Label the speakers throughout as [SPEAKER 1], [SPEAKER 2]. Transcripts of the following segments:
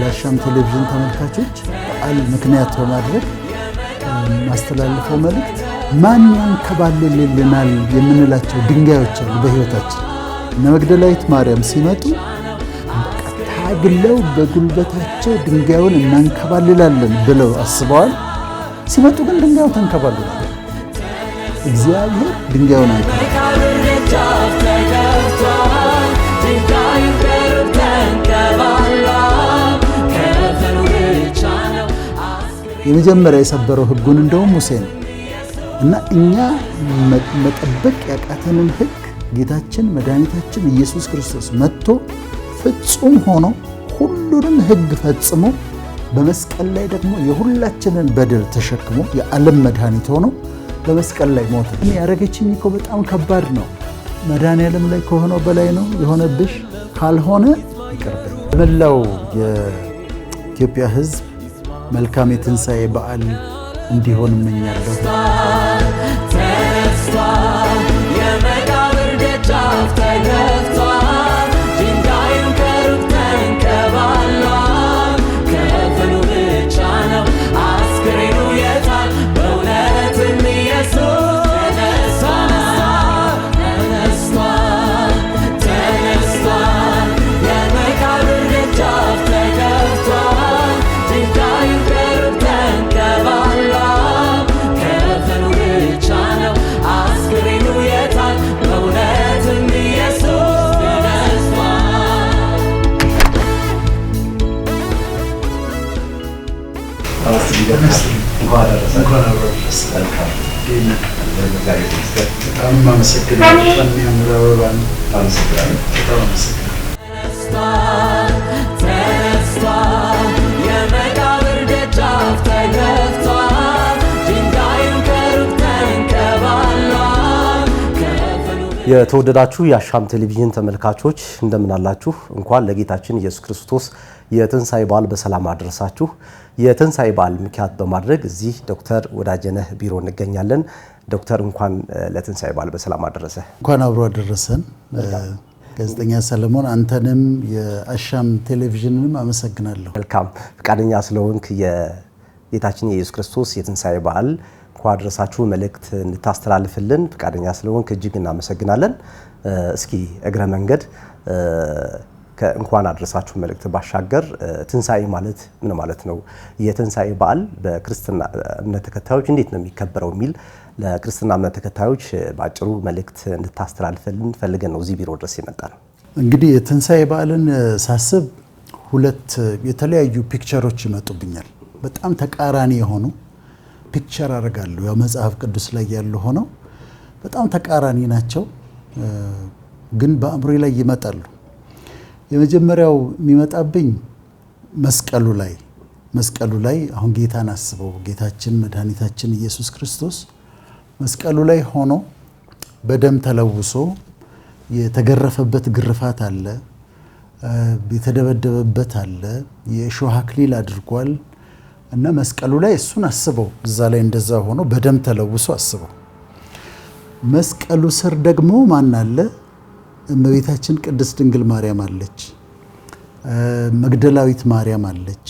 [SPEAKER 1] ለአሻም ቴሌቪዥን ተመልካቾች በዓል ምክንያት በማድረግ ማስተላለፈው መልእክት ማን ያንከባልልልናል የምንላቸው ድንጋዮች አሉ በህይወታችን እነ መግደላዊት ማርያም ሲመጡ ታግለው በጉልበታቸው ድንጋዩን እናንከባልላለን ብለው አስበዋል። ሲመጡ ግን ድንጋዩ ተንከባልሏል። እግዚአብሔር ድንጋዩን አንከባል የመጀመሪያ የሰበረው ህጉን እንደውም ሙሴ ነው እና እኛ መጠበቅ ያቃተንን ህግ ጌታችን መድኃኒታችን ኢየሱስ ክርስቶስ መጥቶ ፍጹም ሆኖ ሁሉንም ህግ ፈጽሞ በመስቀል ላይ ደግሞ የሁላችንን በደል ተሸክሞ የዓለም መድኃኒት ሆኖ በመስቀል ላይ ሞተ። ያደረገችኝ እኮ በጣም ከባድ ነው። መድኃኔዓለም ላይ ከሆነው በላይ ነው የሆነብሽ። ካልሆነ ይቅርብኝ። መላው የኢትዮጵያ ህዝብ መልካም የትንሣኤ በዓል እንዲሆን እመኛለሁ።
[SPEAKER 2] በጣም አመሰግናለሁ። አበባ በጣም አመሰግናለሁ።
[SPEAKER 3] የተወደዳችሁ የአሻም ቴሌቪዥን ተመልካቾች እንደምን አላችሁ? እንኳን ለጌታችን ኢየሱስ ክርስቶስ የትንሣኤ በዓል በሰላም አደረሳችሁ። የትንሣኤ በዓል ምክንያት በማድረግ እዚህ ዶክተር ወዳጀነህ ቢሮ እንገኛለን። ዶክተር እንኳን ለትንሳኤ በዓል በሰላም አደረሰ።
[SPEAKER 4] እንኳን አብሮ አደረሰን። ጋዜጠኛ ሰለሞን አንተንም የአሻም ቴሌቪዥንንም አመሰግናለሁ።
[SPEAKER 3] መልካም ፈቃደኛ ስለሆንክ የጌታችን የኢየሱስ ክርስቶስ የትንሳኤ በዓል እንኳን አደረሳችሁ መልእክት እንድታስተላልፍልን ፈቃደኛ ስለሆንክ እጅግ እናመሰግናለን። እስኪ እግረ መንገድ ከእንኳን አድረሳችሁ መልእክት ባሻገር ትንሣኤ ማለት ምን ማለት ነው? የትንሣኤ በዓል በክርስትና እምነት ተከታዮች እንዴት ነው የሚከበረው? የሚል ለክርስትና እምነት ተከታዮች በአጭሩ መልእክት እንድታስተላልፈልን ፈልገን ነው እዚህ ቢሮ ድረስ የመጣ ነው።
[SPEAKER 4] እንግዲህ የትንሣኤ በዓልን ሳስብ ሁለት የተለያዩ ፒክቸሮች ይመጡብኛል። በጣም ተቃራኒ የሆኑ ፒክቸር አደርጋለሁ። ያው መጽሐፍ ቅዱስ ላይ ያለ ሆነው በጣም ተቃራኒ ናቸው፣ ግን በአእምሮ ላይ ይመጣሉ የመጀመሪያው የሚመጣብኝ መስቀሉ ላይ መስቀሉ ላይ አሁን ጌታን አስበው ጌታችን መድኃኒታችን ኢየሱስ ክርስቶስ መስቀሉ ላይ ሆኖ በደም ተለውሶ የተገረፈበት ግርፋት አለ፣ የተደበደበበት አለ፣ የእሾህ አክሊል አድርጓል እና መስቀሉ ላይ እሱን አስበው እዛ ላይ እንደዛ ሆኖ በደም ተለውሶ አስበው መስቀሉ ስር ደግሞ ማን አለ? እመቤታችን ቅድስት ድንግል ማርያም አለች፣ መግደላዊት ማርያም አለች፣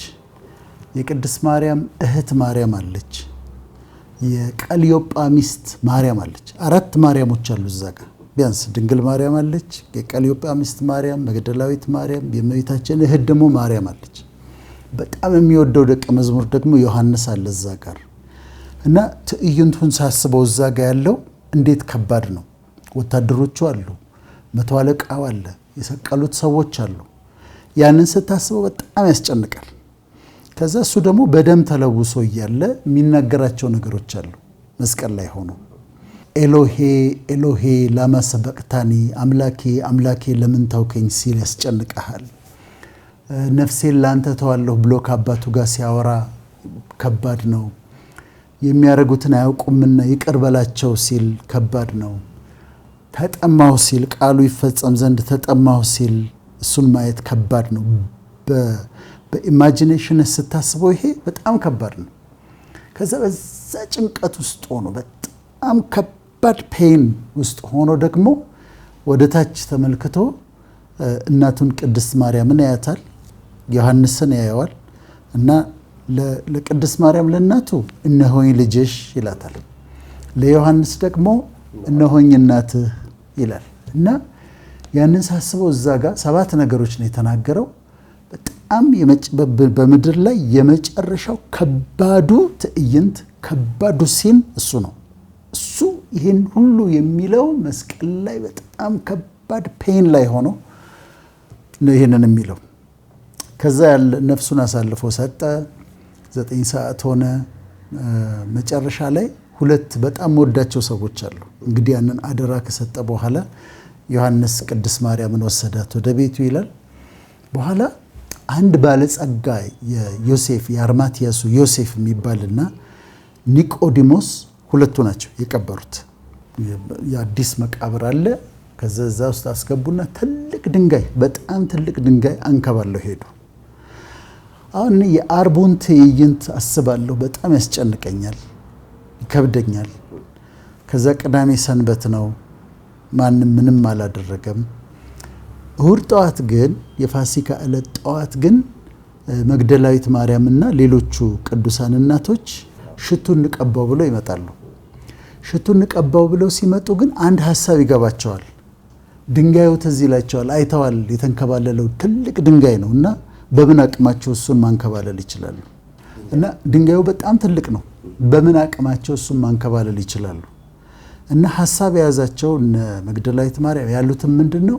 [SPEAKER 4] የቅድስት ማርያም እህት ማርያም አለች፣ የቀልዮጳ ሚስት ማርያም አለች። አራት ማርያሞች አሉ እዛ ጋ ቢያንስ ድንግል ማርያም አለች፣ የቀልዮጳ ሚስት ማርያም፣ መግደላዊት ማርያም፣ የእመቤታችን እህት ደግሞ ማርያም አለች። በጣም የሚወደው ደቀ መዝሙር ደግሞ ዮሐንስ አለ እዛ ጋር እና ትዕይንቱን ሳስበው እዛ ጋ ያለው እንዴት ከባድ ነው። ወታደሮቹ አሉ መቶ አለቃው አለ፣ የሰቀሉት ሰዎች አሉ። ያንን ስታስበው በጣም ያስጨንቃል። ከዛ እሱ ደግሞ በደም ተለውሶ እያለ የሚናገራቸው ነገሮች አሉ። መስቀል ላይ ሆኖ ኤሎሄ ኤሎሄ ላማ ሰበቅታኒ፣ አምላኬ አምላኬ ለምን ታውከኝ ሲል ያስጨንቀሃል። ነፍሴን ላንተ ተዋለሁ ብሎ ከአባቱ ጋር ሲያወራ ከባድ ነው። የሚያደርጉትን አያውቁምና ይቅር በላቸው ሲል ከባድ ነው። ተጠማሁ ሲል ቃሉ ይፈጸም ዘንድ ተጠማሁ ሲል እሱን ማየት ከባድ ነው። በኢማጂኔሽን ስታስበው ይሄ በጣም ከባድ ነው። ከዛ በዛ ጭንቀት ውስጥ ሆኖ በጣም ከባድ ፔን ውስጥ ሆኖ ደግሞ ወደ ታች ተመልክቶ እናቱን ቅድስት ማርያምን ያያታል፣ ዮሐንስን ያየዋል እና ለቅድስት ማርያም ለእናቱ እነሆኝ ልጅሽ ይላታል። ለዮሐንስ ደግሞ እነሆኝ እናትህ ይላል እና ያንን ሳስበው እዛ ጋር ሰባት ነገሮች ነው የተናገረው። በጣም በምድር ላይ የመጨረሻው ከባዱ ትዕይንት ከባዱ ሲን እሱ ነው። እሱ ይህን ሁሉ የሚለው መስቀል ላይ በጣም ከባድ ፔን ላይ ሆኖ ይህንን የሚለው። ከዛ ያለ ነፍሱን አሳልፎ ሰጠ። ዘጠኝ ሰዓት ሆነ መጨረሻ ላይ ሁለት በጣም መወዳቸው ሰዎች አሉ። እንግዲህ ያንን አደራ ከሰጠ በኋላ ዮሐንስ ቅድስት ማርያምን ወሰዳት ወደ ቤቱ ይላል። በኋላ አንድ ባለጸጋ የዮሴፍ የአርማትያሱ ዮሴፍ የሚባልና ኒቆዲሞስ ሁለቱ ናቸው የቀበሩት። የአዲስ መቃብር አለ። ከዛ ውስጥ አስገቡና ትልቅ ድንጋይ በጣም ትልቅ ድንጋይ አንከባለሁ ሄዱ። አሁን የአርቡን ትዕይንት አስባለሁ፣ በጣም ያስጨንቀኛል። ይከብደኛል። ከዛ ቅዳሜ ሰንበት ነው፣ ማንም ምንም አላደረገም። እሁድ ጠዋት ግን የፋሲካ ዕለት ጠዋት ግን መግደላዊት ማርያምና ሌሎቹ ቅዱሳን እናቶች ሽቱ እንቀባው ብለው ይመጣሉ። ሽቱ እንቀባው ብለው ሲመጡ ግን አንድ ሀሳብ ይገባቸዋል። ድንጋዩ ትዝ ይላቸዋል። አይተዋል፣ የተንከባለለው ትልቅ ድንጋይ ነው እና በምን አቅማቸው እሱን ማንከባለል ይችላሉ? እና ድንጋዩ በጣም ትልቅ ነው። በምን አቅማቸው እሱም ማንከባለል ይችላሉ። እና ሀሳብ የያዛቸው እነ መግደላዊት ማርያም ያሉትም ምንድን ነው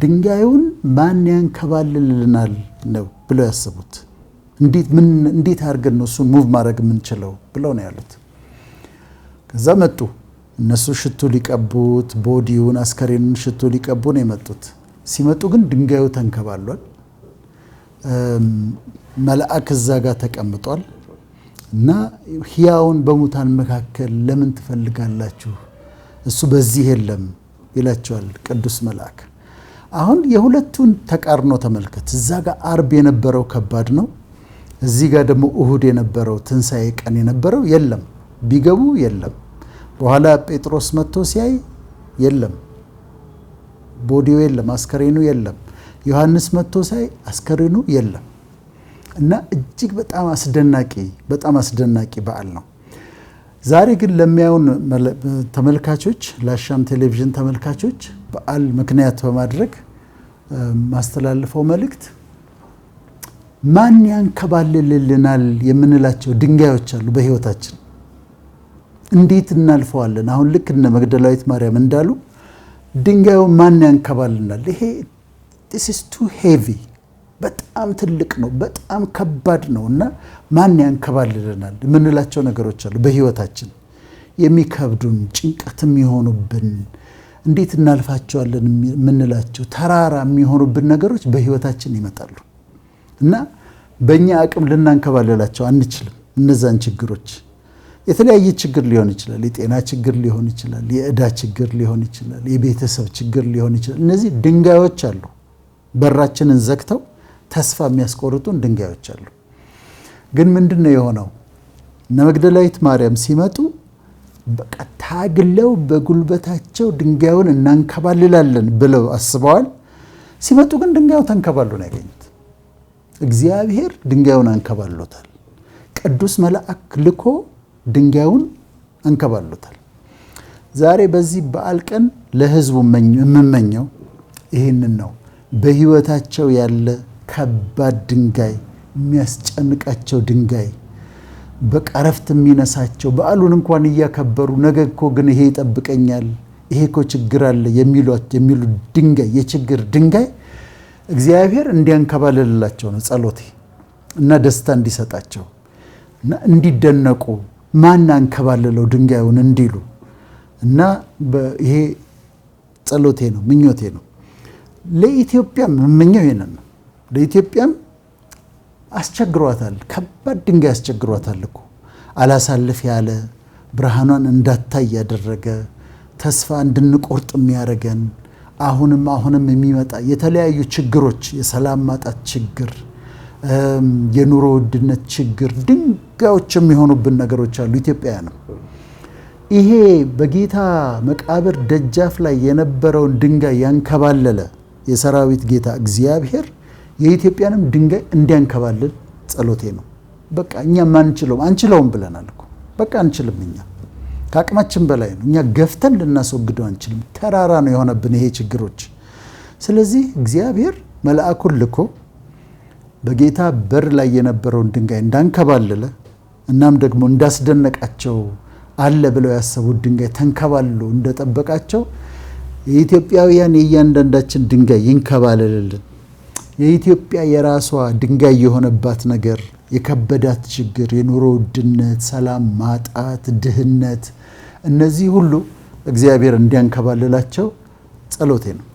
[SPEAKER 4] ድንጋዩን ማን ያንከባልልልናል ነው ብለው ያሰቡት። እንዴት አድርገን ነው እሱን ሙቭ ማድረግ የምንችለው ብለው ነው ያሉት። ከዛ መጡ እነሱ ሽቱ ሊቀቡት ቦዲውን አስከሬኑን ሽቱ ሊቀቡ ነው የመጡት። ሲመጡ ግን ድንጋዩ ተንከባሏል። መልአክ እዛ ጋር ተቀምጧል እና ሕያውን በሙታን መካከል ለምን ትፈልጋላችሁ? እሱ በዚህ የለም ይላቸዋል ቅዱስ መልአክ። አሁን የሁለቱን ተቃርኖ ተመልከት። እዛ ጋር አርብ የነበረው ከባድ ነው። እዚህ ጋር ደግሞ እሁድ የነበረው ትንሣኤ ቀን የነበረው የለም፣ ቢገቡ የለም። በኋላ ጴጥሮስ መጥቶ ሲያይ የለም፣ ቦዲው የለም፣ አስከሬኑ የለም። ዮሐንስ መጥቶ ሲያይ አስከሬኑ የለም። እና እጅግ በጣም አስደናቂ በጣም አስደናቂ በዓል ነው። ዛሬ ግን ለሚያዩን ተመልካቾች፣ ለአሻም ቴሌቪዥን ተመልካቾች በዓል ምክንያት በማድረግ ማስተላልፈው መልእክት ማን ያንከባልልልናል የምንላቸው ድንጋዮች አሉ በህይወታችን? እንዴት እናልፈዋለን? አሁን ልክ እነ መግደላዊት ማርያም እንዳሉ ድንጋዩ ማን ያንከባልናል? ይሄ ስ ቱ ሄቪ በጣም ትልቅ ነው፣ በጣም ከባድ ነው እና ማን ያንከባልልናል የምንላቸው ነገሮች አሉ። በህይወታችን የሚከብዱን ጭንቀት የሚሆኑብን እንዴት እናልፋቸዋለን የምንላቸው ተራራ የሚሆኑብን ነገሮች በህይወታችን ይመጣሉ እና በእኛ አቅም ልናንከባልላቸው አንችልም። እነዛን ችግሮች የተለያየ ችግር ሊሆን ይችላል። የጤና ችግር ሊሆን ይችላል። የእዳ ችግር ሊሆን ይችላል። የቤተሰብ ችግር ሊሆን ይችላል። እነዚህ ድንጋዮች አሉ በራችንን ዘግተው ተስፋ የሚያስቆርጡን ድንጋዮች አሉ። ግን ምንድን ነው የሆነው? እነ መግደላዊት ማርያም ሲመጡ በቃ ታግለው በጉልበታቸው ድንጋዩን እናንከባልላለን ብለው አስበዋል። ሲመጡ ግን ድንጋዩ ተንከባሉ ነው ያገኙት። እግዚአብሔር ድንጋዩን አንከባሎታል። ቅዱስ መልአክ ልኮ ድንጋዩን አንከባሎታል። ዛሬ በዚህ በዓል ቀን ለህዝቡ የምመኘው ይህንን ነው። በህይወታቸው ያለ ከባድ ድንጋይ፣ የሚያስጨንቃቸው ድንጋይ በቀረፍት የሚነሳቸው በዓሉን እንኳን እያከበሩ ነገ እኮ ግን ይሄ ይጠብቀኛል፣ ይሄ እኮ ችግር አለ የሚሏት የሚሉ ድንጋይ የችግር ድንጋይ እግዚአብሔር እንዲያንከባልልላቸው ነው ጸሎቴ እና ደስታ እንዲሰጣቸው እና እንዲደነቁ ማን አንከባልለው ድንጋዩን እንዲሉ እና ይሄ ጸሎቴ ነው ምኞቴ ነው። ለኢትዮጵያ የምመኘው ይሄንን ነው። ለኢትዮጵያም አስቸግሯታል። ከባድ ድንጋይ አስቸግሯታል እኮ አላሳልፍ ያለ ብርሃኗን እንዳታይ ያደረገ ተስፋ እንድንቆርጥ የሚያደርገን አሁንም አሁንም የሚመጣ የተለያዩ ችግሮች፣ የሰላም ማጣት ችግር፣ የኑሮ ውድነት ችግር፣ ድንጋዮች የሚሆኑብን ነገሮች አሉ። ኢትዮጵያውያንም ይሄ በጌታ መቃብር ደጃፍ ላይ የነበረውን ድንጋይ ያንከባለለ የሰራዊት ጌታ እግዚአብሔር የኢትዮጵያንም ድንጋይ እንዲያንከባልል ጸሎቴ ነው። በቃ እኛ ማንችለውም አንችለውም ብለናል እኮ በቃ አንችልም። እኛ ከአቅማችን በላይ ነው። እኛ ገፍተን ልናስወግደው አንችልም። ተራራ ነው የሆነብን ይሄ ችግሮች። ስለዚህ እግዚአብሔር መልአኩን ልኮ በጌታ በር ላይ የነበረውን ድንጋይ እንዳንከባለለ እናም ደግሞ እንዳስደነቃቸው አለ ብለው ያሰቡት ድንጋይ ተንከባልሎ እንደጠበቃቸው የኢትዮጵያውያን የእያንዳንዳችን ድንጋይ ይንከባለልልን። የኢትዮጵያ የራሷ ድንጋይ የሆነባት ነገር የከበዳት ችግር፣ የኑሮ ውድነት፣ ሰላም ማጣት፣ ድህነት፣ እነዚህ ሁሉ እግዚአብሔር እንዲያንከባልላቸው ጸሎቴ ነው።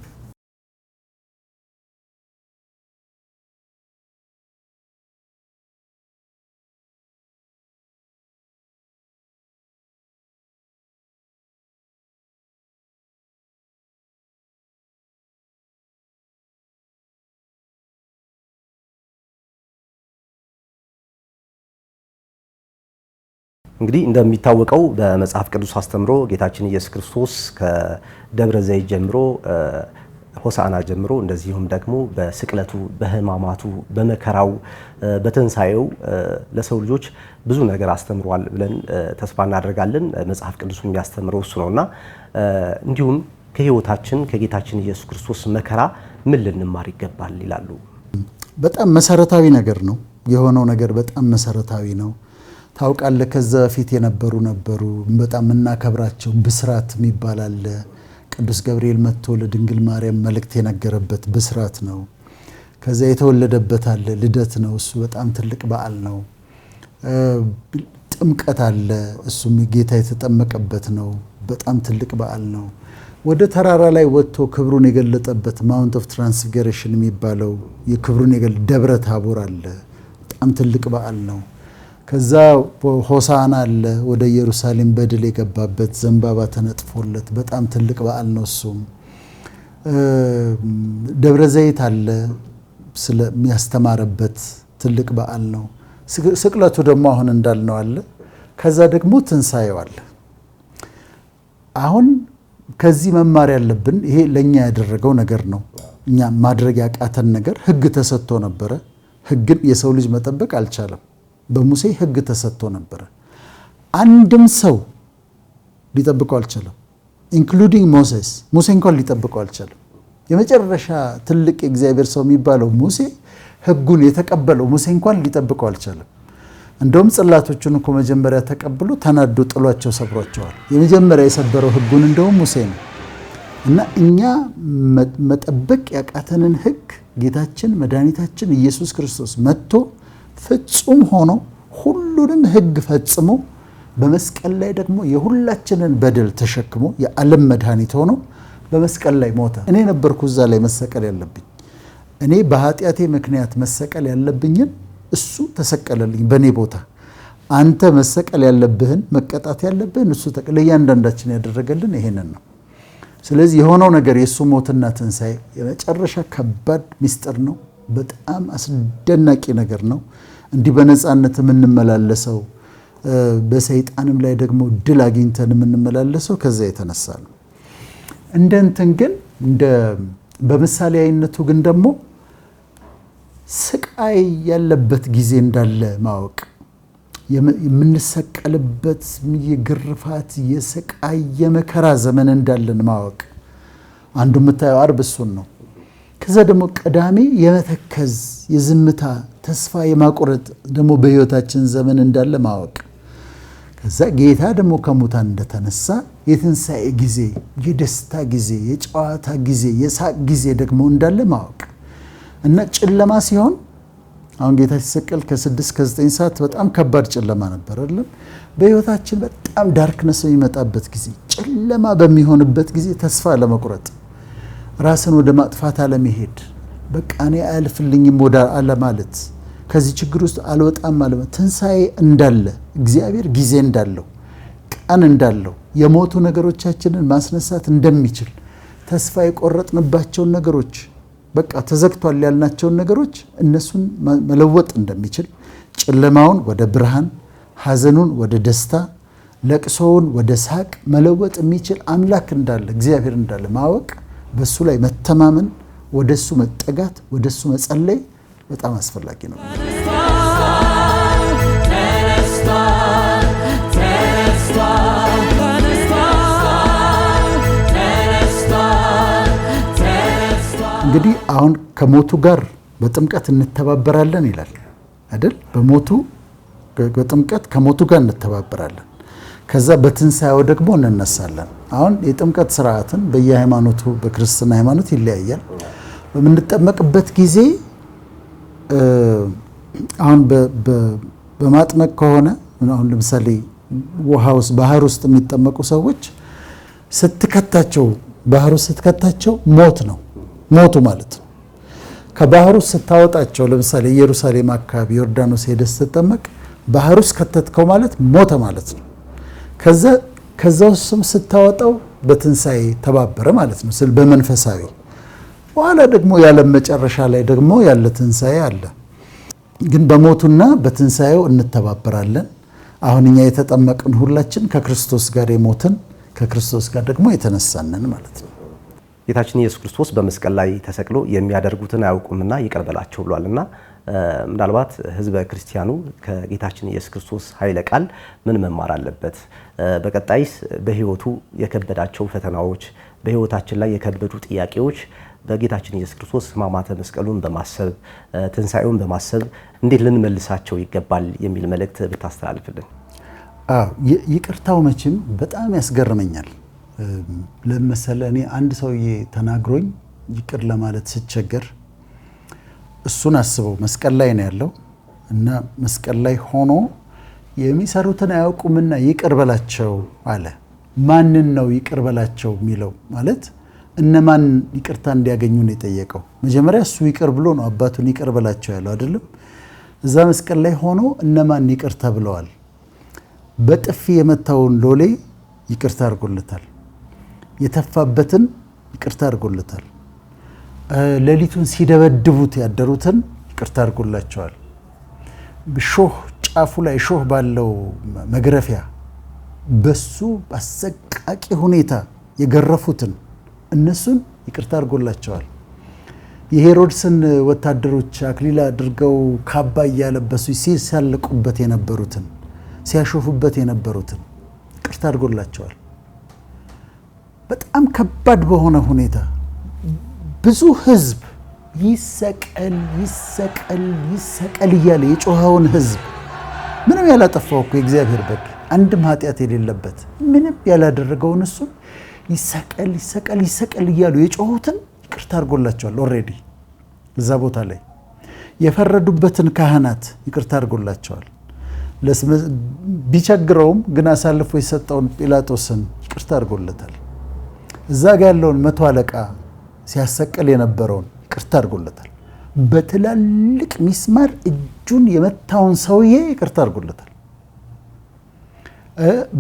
[SPEAKER 3] እንግዲህ እንደሚታወቀው በመጽሐፍ ቅዱስ አስተምሮ ጌታችን ኢየሱስ ክርስቶስ ከደብረ ዘይት ጀምሮ ሆሳዕና ጀምሮ እንደዚሁም ደግሞ በስቅለቱ፣ በሕማማቱ፣ በመከራው፣ በትንሣኤው ለሰው ልጆች ብዙ ነገር አስተምሯል ብለን ተስፋ እናደርጋለን። መጽሐፍ ቅዱሱ የሚያስተምረው እሱ ነውና እንዲሁም ከሕይወታችን ከጌታችን ኢየሱስ ክርስቶስ መከራ ምን ልንማር ይገባል ይላሉ።
[SPEAKER 4] በጣም መሰረታዊ ነገር ነው የሆነው ነገር በጣም መሰረታዊ ነው። ታውቃለህ፣ ከዛ በፊት የነበሩ ነበሩ በጣም የምናከብራቸው ብስራት የሚባል አለ። ቅዱስ ገብርኤል መጥቶ ለድንግል ማርያም መልእክት የነገረበት ብስራት ነው። ከዚያ የተወለደበት አለ፣ ልደት ነው። እሱ በጣም ትልቅ በዓል ነው። ጥምቀት አለ፣ እሱም ጌታ የተጠመቀበት ነው። በጣም ትልቅ በዓል ነው። ወደ ተራራ ላይ ወጥቶ ክብሩን የገለጠበት ማውንት ኦፍ ትራንስፊግሬሽን የሚባለው የክብሩን የገለ ደብረ ታቦር አለ። በጣም ትልቅ በዓል ነው። ከዛ ሆሳና አለ ወደ ኢየሩሳሌም በድል የገባበት ዘንባባ ተነጥፎለት በጣም ትልቅ በዓል ነው። እሱም ደብረ ዘይት አለ ስለሚያስተማረበት ትልቅ በዓል ነው። ስቅለቱ ደግሞ አሁን እንዳልነው አለ። ከዛ ደግሞ ትንሣኤው አለ። አሁን ከዚህ መማር ያለብን ይሄ ለእኛ ያደረገው ነገር ነው። እኛ ማድረግ ያቃተን ነገር ህግ ተሰጥቶ ነበረ። ህግን የሰው ልጅ መጠበቅ አልቻለም። በሙሴ ህግ ተሰጥቶ ነበረ። አንድም ሰው ሊጠብቀው አልቻለም። ኢንክሉዲንግ ሞሴስ ሙሴ እንኳን ሊጠብቀው አልቻለም። የመጨረሻ ትልቅ የእግዚአብሔር ሰው የሚባለው ሙሴ ህጉን የተቀበለው ሙሴ እንኳን ሊጠብቀው አልቻለም። እንደውም ጽላቶቹን እኮ መጀመሪያ ተቀብሎ ተናዶ ጥሏቸው ሰብሯቸዋል። የመጀመሪያ የሰበረው ህጉን እንደውም ሙሴ ነው። እና እኛ መጠበቅ ያቃተንን ህግ ጌታችን መድኃኒታችን ኢየሱስ ክርስቶስ መጥቶ ፍጹም ሆኖ ሁሉንም ሕግ ፈጽሞ በመስቀል ላይ ደግሞ የሁላችንን በደል ተሸክሞ የዓለም መድኃኒት ሆኖ በመስቀል ላይ ሞተ። እኔ ነበርኩ እዛ ላይ መሰቀል ያለብኝ። እኔ በኃጢአቴ ምክንያት መሰቀል ያለብኝን እሱ ተሰቀለልኝ በእኔ ቦታ። አንተ መሰቀል ያለብህን መቀጣት ያለብህን እሱ ለእያንዳንዳችን ያደረገልን ይሄንን ነው። ስለዚህ የሆነው ነገር የእሱ ሞትና ትንሣኤ የመጨረሻ ከባድ ሚስጥር ነው። በጣም አስደናቂ ነገር ነው። እንዲህ በነፃነት የምንመላለሰው በሰይጣንም ላይ ደግሞ ድል አግኝተን የምንመላለሰው ከዛ የተነሳ ነው። እንደ እንትን ግን በምሳሌ አይነቱ ግን ደግሞ ስቃይ ያለበት ጊዜ እንዳለ ማወቅ የምንሰቀልበት የግርፋት፣ የስቃይ፣ የመከራ ዘመን እንዳለን ማወቅ አንዱ የምታየው አርብ እሱን ነው። ከዛ ደግሞ ቀዳሜ የመተከዝ የዝምታ ተስፋ የማቁረጥ ደግሞ በህይወታችን ዘመን እንዳለ ማወቅ ከዛ ጌታ ደግሞ ከሙታን እንደተነሳ የትንሣኤ ጊዜ፣ የደስታ ጊዜ፣ የጨዋታ ጊዜ፣ የሳቅ ጊዜ ደግሞ እንዳለ ማወቅ እና ጨለማ ሲሆን አሁን ጌታ ሲሰቀል ከስድስት ከዘጠኝ ሰዓት በጣም ከባድ ጨለማ ነበር አይደለም። በህይወታችን በጣም ዳርክነስ የሚመጣበት ጊዜ ጨለማ በሚሆንበት ጊዜ ተስፋ ለመቁረጥ ራስን ወደ ማጥፋት አለመሄድ፣ በቃ እኔ አያልፍልኝም ወደ አለማለት፣ ከዚህ ችግር ውስጥ አልወጣም አለማለት። ትንሣኤ እንዳለ እግዚአብሔር ጊዜ እንዳለው ቀን እንዳለው የሞቱ ነገሮቻችንን ማስነሳት እንደሚችል ተስፋ የቆረጥንባቸውን ነገሮች በቃ ተዘግቷል ያልናቸውን ነገሮች እነሱን መለወጥ እንደሚችል ጨለማውን ወደ ብርሃን፣ ሐዘኑን ወደ ደስታ፣ ለቅሶውን ወደ ሳቅ መለወጥ የሚችል አምላክ እንዳለ እግዚአብሔር እንዳለ ማወቅ በሱ ላይ መተማመን፣ ወደሱ መጠጋት፣ ወደሱ መጸለይ በጣም አስፈላጊ ነው። እንግዲህ አሁን ከሞቱ ጋር በጥምቀት እንተባበራለን ይላል አይደል? በሞቱ በጥምቀት ከሞቱ ጋር እንተባበራለን። ከዛ በትንሣኤው ደግሞ እንነሳለን። አሁን የጥምቀት ስርዓትን በየሃይማኖቱ በክርስትና ሃይማኖት ይለያያል። በምንጠመቅበት ጊዜ አሁን በማጥመቅ ከሆነ አሁን ለምሳሌ ውሃ ውስጥ ባህር ውስጥ የሚጠመቁ ሰዎች ስትከታቸው ባህሩ ስትከታቸው ሞት ነው ሞቱ ማለት ነው። ከባህሩ ስታወጣቸው ለምሳሌ ኢየሩሳሌም አካባቢ ዮርዳኖስ ሄደ ስትጠመቅ ውስጥ ከተትከው ማለት ሞተ ማለት ነው። ከዛ ከዛ ውስጥም ስታወጣው በትንሣኤ ተባበረ ማለት ነው ስል በመንፈሳዊ በኋላ ደግሞ የዓለም መጨረሻ ላይ ደግሞ ያለ ትንሣኤ አለ። ግን በሞቱና በትንሣኤው እንተባበራለን። አሁን እኛ የተጠመቅን ሁላችን ከክርስቶስ ጋር የሞትን ከክርስቶስ ጋር ደግሞ የተነሳንን ማለት ነው።
[SPEAKER 3] ጌታችን ኢየሱስ ክርስቶስ በመስቀል ላይ ተሰቅሎ የሚያደርጉትን አያውቁምና ይቅር በላቸው ብሏልና ምናልባት ህዝበ ክርስቲያኑ ከጌታችን ኢየሱስ ክርስቶስ ኃይለ ቃል ምን መማር አለበት? በቀጣይስ በህይወቱ የከበዳቸው ፈተናዎች፣ በህይወታችን ላይ የከበዱ ጥያቄዎች በጌታችን ኢየሱስ ክርስቶስ ሕማማተ መስቀሉን በማሰብ ትንሣኤውን በማሰብ እንዴት ልንመልሳቸው ይገባል የሚል መልእክት ብታስተላልፍልን።
[SPEAKER 4] ይቅርታው መቼም በጣም ያስገርመኛል። ለመሰለ እኔ አንድ ሰውዬ ተናግሮኝ ይቅር ለማለት ስቸገር እሱን አስበው መስቀል ላይ ነው ያለው እና መስቀል ላይ ሆኖ የሚሰሩትን አያውቁምና ይቅር በላቸው አለ። ማንን ነው ይቅር በላቸው የሚለው? ማለት እነማን ይቅርታ እንዲያገኙ ነው የጠየቀው። መጀመሪያ እሱ ይቅር ብሎ ነው አባቱን ይቅር በላቸው ያለው አይደለም። እዛ መስቀል ላይ ሆኖ እነማን ይቅር ተብለዋል? በጥፊ የመታውን ሎሌ ይቅርታ አድርጎለታል። የተፋበትን ይቅርታ አድርጎለታል። ሌሊቱን ሲደበድቡት ያደሩትን ይቅርታ አድርጎላቸዋል። ሾህ ጫፉ ላይ ሾህ ባለው መግረፊያ በሱ በአሰቃቂ ሁኔታ የገረፉትን እነሱን ይቅርታ አድርጎላቸዋል። የሄሮድስን ወታደሮች አክሊል አድርገው ካባ እያለበሱ ሲሳለቁበት የነበሩትን ሲያሾፉበት የነበሩትን ይቅርታ አድርጎላቸዋል። በጣም ከባድ በሆነ ሁኔታ ብዙ ህዝብ ይሰቀል ይሰቀል ይሰቀል እያለ የጮኸውን ህዝብ ምንም ያላጠፋው እኮ የእግዚአብሔር በግ አንድም ኃጢአት የሌለበት ምንም ያላደረገውን እሱን ይሰቀል ይሰቀል ይሰቀል እያሉ የጮሁትን ይቅርታ አድርጎላቸዋል። ኦልሬዲ እዛ ቦታ ላይ የፈረዱበትን ካህናት ይቅርታ አድርጎላቸዋል። ቢቸግረውም ግን አሳልፎ የሰጠውን ጲላጦስን ይቅርታ አድርጎለታል። እዛ ጋ ያለውን መቶ አለቃ ሲያሰቅል የነበረውን ይቅርታ አድርጎለታል። በትላልቅ ሚስማር እጁን የመታውን ሰውዬ ይቅርታ አድርጎለታል።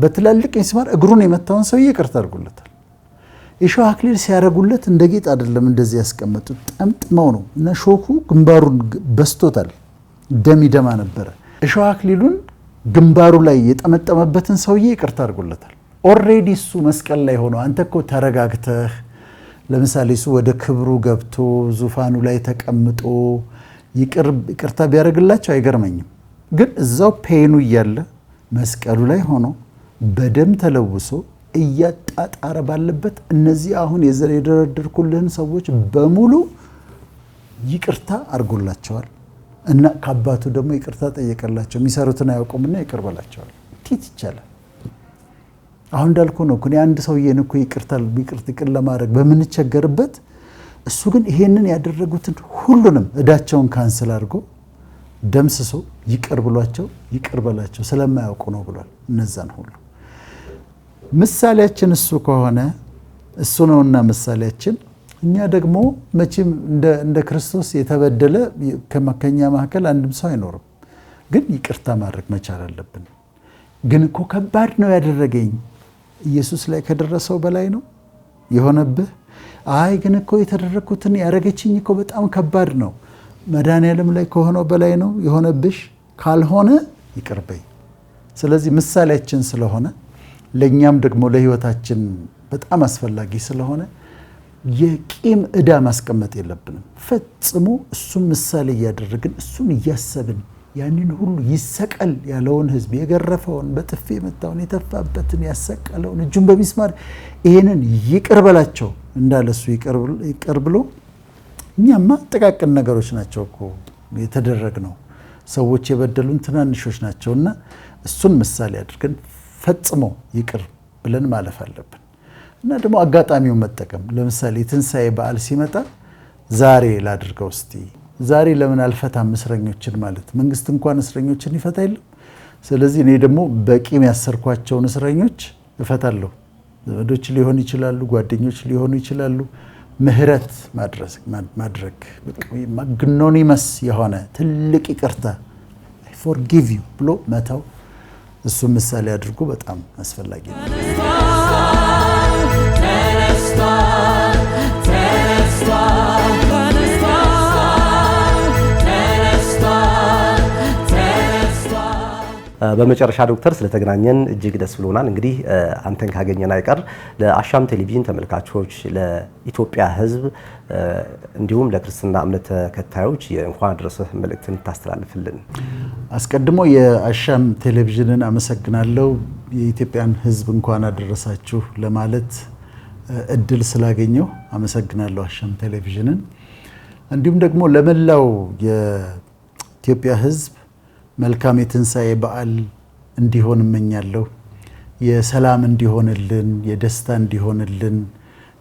[SPEAKER 4] በትላልቅ ሚስማር እግሩን የመታውን ሰውዬ ይቅርታ አድርጎለታል። የሸዋ አክሊል ሲያደርጉለት እንደ ጌጥ አይደለም እንደዚህ ያስቀመጡት፣ ጠምጥመው ነው እና ሾኩ ግንባሩን በስቶታል። ደም ይደማ ነበረ። የሸዋ አክሊሉን ግንባሩ ላይ የጠመጠመበትን ሰውዬ ይቅርታ አድርጎለታል። ኦሬዲ እሱ መስቀል ላይ ሆኖ አንተ እኮ ተረጋግተህ ለምሳሌ እሱ ወደ ክብሩ ገብቶ ዙፋኑ ላይ ተቀምጦ ይቅርታ ቢያደርግላቸው አይገርመኝም። ግን እዛው ፔኑ እያለ መስቀሉ ላይ ሆኖ በደም ተለውሶ እያጣጣረ ባለበት እነዚህ አሁን የደረደርኩልህን ሰዎች በሙሉ ይቅርታ አድርጎላቸዋል እና ከአባቱ ደግሞ ይቅርታ ጠየቀላቸው። የሚሰሩትን አያውቁምና ይቅር በላቸዋል። እንዴት ይቻላል? አሁን እንዳልኩ ነው እኔ አንድ ሰውዬን እኮ ይቅርታል ቢቅርት ይቅር ለማድረግ በምንቸገርበት እሱ ግን ይሄንን ያደረጉትን ሁሉንም እዳቸውን ካንስል አድርጎ ደምስሶ ይቅር ብሏቸው ይቅር በላቸው ስለማያውቁ ነው ብሏል። እነዛን ሁሉ ምሳሌያችን እሱ ከሆነ እሱ ነውና ምሳሌያችን። እኛ ደግሞ መቼም እንደ ክርስቶስ የተበደለ ከመከኛ መካከል አንድም ሰው አይኖርም። ግን ይቅርታ ማድረግ መቻል አለብን። ግን እኮ ከባድ ነው ያደረገኝ ኢየሱስ ላይ ከደረሰው በላይ ነው የሆነብህ? አይ ግን እኮ የተደረግኩትን ያደረገችኝ እኮ በጣም ከባድ ነው፣ መድኃኔዓለም ላይ ከሆነው በላይ ነው የሆነብሽ ካልሆነ ይቅርበኝ። ስለዚህ ምሳሌያችን ስለሆነ ለእኛም ደግሞ ለህይወታችን በጣም አስፈላጊ ስለሆነ የቂም እዳ ማስቀመጥ የለብንም። ፈጽሞ እሱን ምሳሌ እያደረግን እሱን እያሰብን ያንን ሁሉ ይሰቀል ያለውን ህዝብ የገረፈውን፣ በጥፊ የመታውን፣ የተፋበትን፣ ያሰቀለውን እጁን በሚስማር ይህንን ይቅር በላቸው እንዳለ እሱ ይቅር ብሎ እኛማ ጥቃቅን ነገሮች ናቸው እኮ ነው ሰዎች የበደሉን ትናንሾች ናቸው እና እሱን ምሳሌ አድርገን ፈጽሞ ይቅር ብለን ማለፍ አለብን እና ደግሞ አጋጣሚውን መጠቀም ለምሳሌ የትንሣኤ በዓል ሲመጣ ዛሬ ላድርገው እስቲ ዛሬ ለምን አልፈታም እስረኞችን ማለት መንግስት እንኳን እስረኞችን ይፈታ የለም። ስለዚህ እኔ ደግሞ በቂም ያሰርኳቸውን እስረኞች እፈታለሁ። ዘመዶች ሊሆኑ ይችላሉ፣ ጓደኞች ሊሆኑ ይችላሉ። ምህረት ማድረግ ማግኖኒመስ የሆነ ትልቅ ይቅርታ ፎርጊቭ ዩ ብሎ መተው እሱ ምሳሌ አድርጎ በጣም አስፈላጊ ነው።
[SPEAKER 3] በመጨረሻ ዶክተር ስለተገናኘን እጅግ ደስ ብሎናል። እንግዲህ አንተን ካገኘን አይቀር ለአሻም ቴሌቪዥን ተመልካቾች፣ ለኢትዮጵያ ሕዝብ እንዲሁም ለክርስትና እምነት ተከታዮች የእንኳን አደረሰህ መልእክትን ታስተላልፍልን።
[SPEAKER 4] አስቀድሞ የአሻም ቴሌቪዥንን አመሰግናለሁ። የኢትዮጵያን ሕዝብ እንኳን አደረሳችሁ ለማለት እድል ስላገኘው አመሰግናለሁ አሻም ቴሌቪዥንን። እንዲሁም ደግሞ ለመላው የኢትዮጵያ ሕዝብ መልካም የትንሣኤ በዓል እንዲሆን እመኛለሁ። የሰላም እንዲሆንልን፣ የደስታ እንዲሆንልን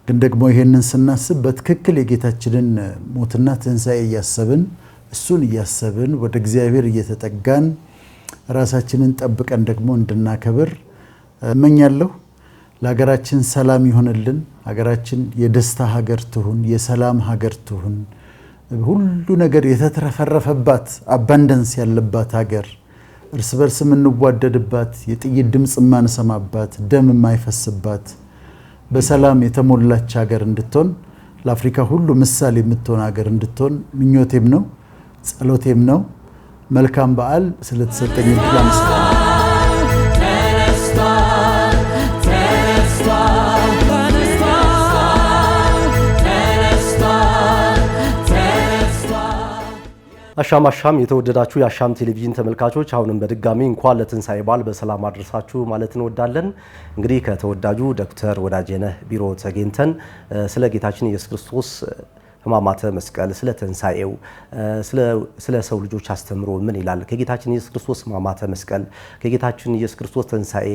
[SPEAKER 4] ግን ደግሞ ይሄንን ስናስብ በትክክል የጌታችንን ሞትና ትንሣኤ እያሰብን እሱን እያሰብን ወደ እግዚአብሔር እየተጠጋን ራሳችንን ጠብቀን ደግሞ እንድናከብር እመኛለሁ። ለሀገራችን ሰላም ይሆንልን። ሀገራችን የደስታ ሀገር ትሁን፣ የሰላም ሀገር ትሁን። ሁሉ ነገር የተትረፈረፈባት አባንደንስ ያለባት ሀገር፣ እርስ በርስ የምንዋደድባት፣ የጥይት ድምፅ የማንሰማባት፣ ደም የማይፈስባት፣ በሰላም የተሞላች ሀገር እንድትሆን ለአፍሪካ ሁሉ ምሳሌ የምትሆን ሀገር እንድትሆን ምኞቴም ነው፣ ጸሎቴም ነው። መልካም በዓል። ስለተሰጠኝ
[SPEAKER 3] አሻም አሻም የተወደዳችሁ የአሻም ቴሌቪዥን ተመልካቾች አሁንም በድጋሚ እንኳን ለትንሳኤ በዓል በሰላም አድረሳችሁ ማለት እንወዳለን። እንግዲህ ከተወዳጁ ዶክተር ወዳጄነህ ቢሮ ተገኝተን ስለ ጌታችን ኢየሱስ ክርስቶስ ሕማማተ መስቀል፣ ስለ ተንሳኤው፣ ስለ ሰው ልጆች አስተምሮ ምን ይላል ከጌታችን ኢየሱስ ክርስቶስ ሕማማተ መስቀል ከጌታችን ኢየሱስ ክርስቶስ ተንሳኤ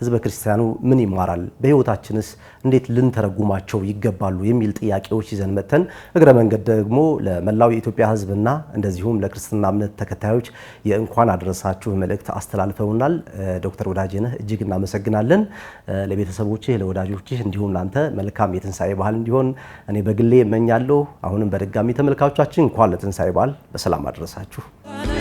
[SPEAKER 3] ህዝበ ክርስቲያኑ ምን ይማራል፣ በህይወታችንስ እንዴት ልንተረጉማቸው ይገባሉ የሚል ጥያቄዎች ይዘን መጥተን እግረ መንገድ ደግሞ ለመላው የኢትዮጵያ ህዝብና እንደዚሁም ለክርስትና እምነት ተከታዮች የእንኳን አደረሳችሁ መልእክት አስተላልፈውናል። ዶክተር ወዳጄነህ እጅግ እናመሰግናለን። ለቤተሰቦችህ ለወዳጆችህ እንዲሁም ለአንተ መልካም የትንሣኤ ባህል እንዲሆን እኔ በግሌ እመኛለሁ። አሁንም በድጋሚ ተመልካቾቻችን እንኳን ለትንሳኤ በዓል በሰላም አደረሳችሁ።